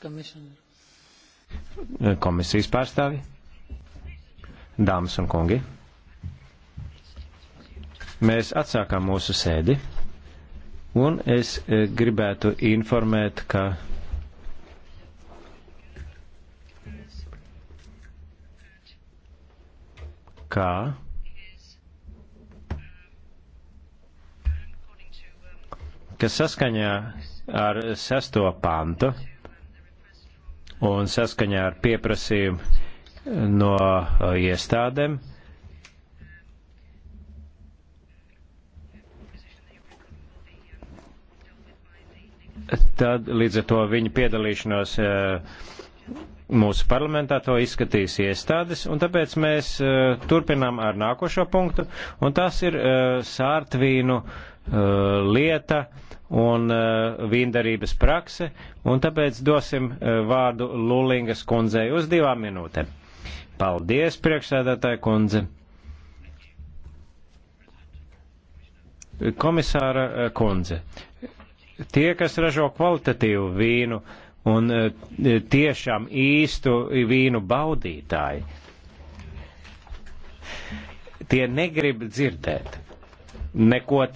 Thanks, Komisijas pārstāvi, dāmas un kungi. Mēs atsākām mūsu sēdi, un es eh, gribētu informēt, ka kā ka saskaņā ar sesto pantu un saskaņā ar pieprasījumu no uh, iestādēm. Tad līdz ar to viņa piedalīšanos uh, mūsu parlamentā to izskatīs iestādes, un tāpēc mēs uh, turpinām ar nākošo punktu, un tas ir sārtvīnu lieta un uh, vīndarības prakse, un tāpēc dosim uh, vārdu Lulingas kundzei uz divām minūtēm. Paldies, priekšsēdētāja kundze. Komisāra uh, kundze, tie, kas ražo kvalitatīvu vīnu un uh, tiešām īstu vīnu baudītāji, tie negrib dzirdēt neko